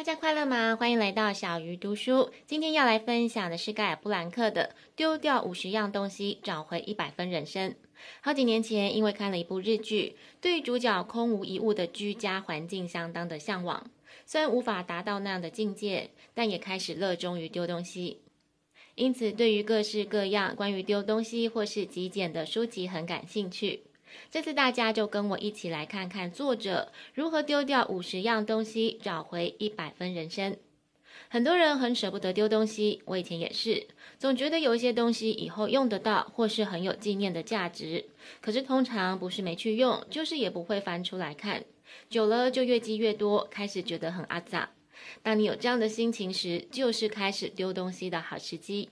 大家快樂嗎？歡迎來到小魚讀書。今天要來分享的是蓋爾布蘭克的《丟掉五十樣東西，找回一百分人生》。好幾年前，因為看了一部日劇，對於主角空無一物的居家環境相當的嚮往。雖然無法達到那樣的境界，但也開始熱衷於丟東西。因此，對於各式各樣關於丟東西或是極簡的書籍很感興趣。這次大家就跟我一起來看看作者，如何丟掉五十樣東西，找回一百分人生。很多人很捨不得丟東西，我以前也是，總覺得有一些東西以後用得到，或是很有紀念的價值。可是通常不是沒去用，就是也不會翻出來看。久了就越積越多，開始覺得很阿雜。當你有這樣的心情時，就是開始丟東西的好時機。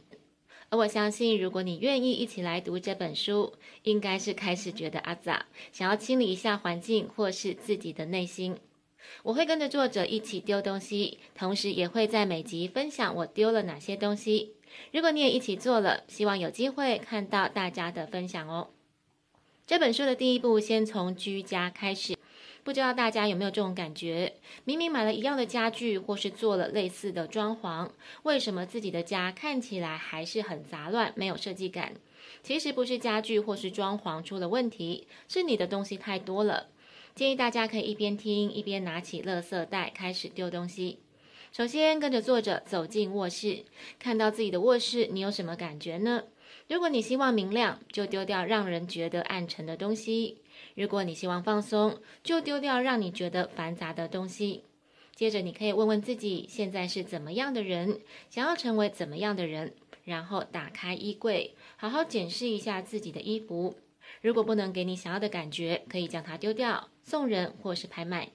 而我相信，如果你願意一起來讀這本書，應該是開始覺得阿雜，想要清理一下環境，或是自己的內心。我會跟着作者一起丟東西，同時也會在每集分享我丟了哪些東西。如果你也一起做了，希望有機會看到大家的分享哦。這本書的第一步，先從居家開始。不知道大家有沒有這種感覺？明明買了一樣的家具，或是做了類似的裝潢，為什麼自己的家看起來還是很雜亂，沒有設計感？其實不是家具或是裝潢出了問題，是你的東西太多了。建議大家可以一邊聽一邊拿起垃圾袋開始丟東西。首先跟着作者走進臥室，看到自己的臥室，你有什麼感覺呢？如果你希望明亮，就丟掉讓人覺得暗沉的東西。如果你希望放鬆，就丟掉讓你覺得繁雜的東西。接着，你可以問問自己，現在是怎麼樣的人，想要成為怎麼樣的人。然後打開衣櫃，好好檢視一下自己的衣服。如果不能給你想要的感覺，可以將它丟掉、送人或是拍賣。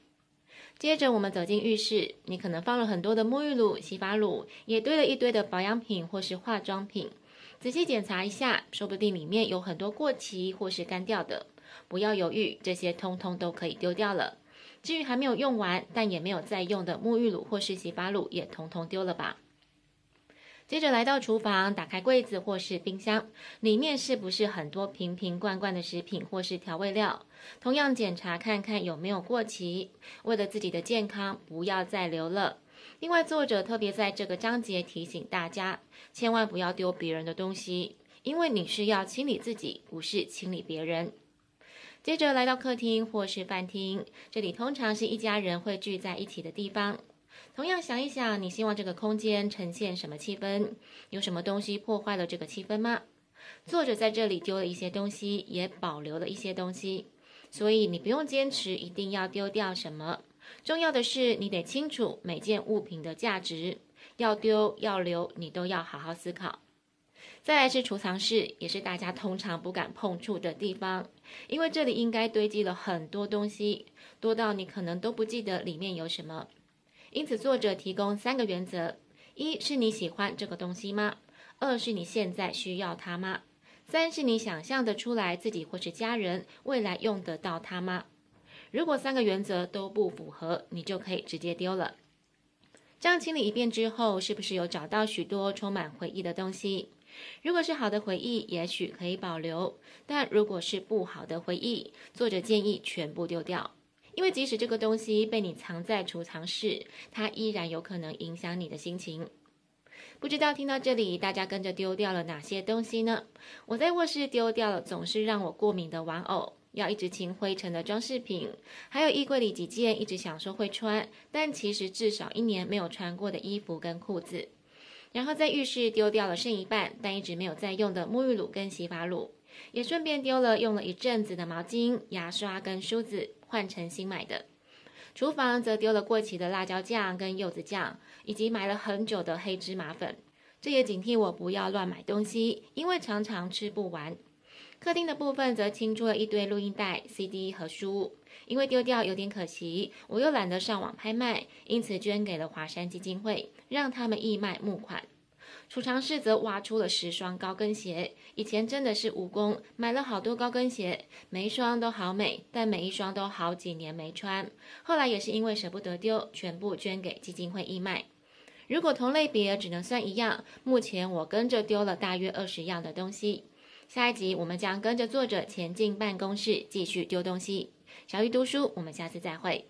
接着，我們走進浴室，你可能放了很多的沐浴露、洗髮露，也堆了一堆的保養品或是化妝品。仔細檢查一下，說不定裡面有很多過期或是乾掉的。不要猶豫，這些通通都可以丟掉了。至於還沒有用完但也沒有再用的沐浴乳或是洗髮露，也通通丟了吧。接着來到廚房，打開櫃子或是冰箱，裡面是不是很多瓶瓶罐罐的食品或是調味料？同樣檢查看看有沒有過期。為了自己的健康，不要再留了。另外，作者特別在這個章節提醒大家，千萬不要丟別人的東西，因為你是要清理自己，不是清理別人。接着來到客廳或是飯廳，這裡通常是一家人會聚在一起的地方。同樣想一想，你希望這個空間呈現什麼氣氛？有什麼東西破壞了這個氣氛嗎？作者在這裡丟了一些東西，也保留了一些東西，所以你不用堅持一定要丟掉什麼。重要的是，你得清楚每件物品的價值，要丟要留，你都要好好思考。再來是儲藏室，也是大家通常不敢碰觸的地方，因為這裡應該堆積了很多東西，多到你可能都不記得裡面有什麼。因此，作者提供三個原則：一是你喜歡這個東西嗎？二是你現在需要它嗎？三是你想象得出來自己或是家人未來用得到它嗎？如果三個原則都不符合，你就可以直接丟了。這樣清理一遍之後，是不是有找到許多充滿回憶的東西？如果是好的回憶，也許可以保留；但如果是不好的回憶，作者建議全部丟掉，因為即使這個東西被你藏在儲藏室，它依然有可能影響你的心情。不知道聽到這裡，大家跟着丟掉了哪些東西呢？我在臥室丟掉了總是讓我過敏的玩偶，要一直清灰塵的裝飾品，還有衣櫃裡幾件一直想說會穿，但其實至少一年沒有穿過的衣服跟褲子。然後在浴室丟掉了剩一半但一直沒有再用的沐浴乳跟洗髮露，也順便丟了用了一陣子的毛巾、牙刷跟梳子，換成新買的。廚房則丟了過期的辣椒醬跟柚子醬，以及買了很久的黑芝麻粉。這也警惕我不要亂買東西，因為常常吃不完。客廳的部分則清出了一堆錄音帶、CD 和書，因為丟掉有點可惜，我又懶得上網拍賣，因此捐給了華山基金會，讓他們義賣募款。儲藏室則挖出了十雙高跟鞋，以前真的是蜈蚣買了好多高跟鞋，每一雙都好美，但每一雙都好幾年沒穿，後來也是因為捨不得丟，全部捐給基金會義賣。如果同類別只能算一樣，目前我跟着丟了大約二十樣的東西。下一集我們將跟着作者前進辦公室，繼續丟東西。小魚讀書，我們下次再會。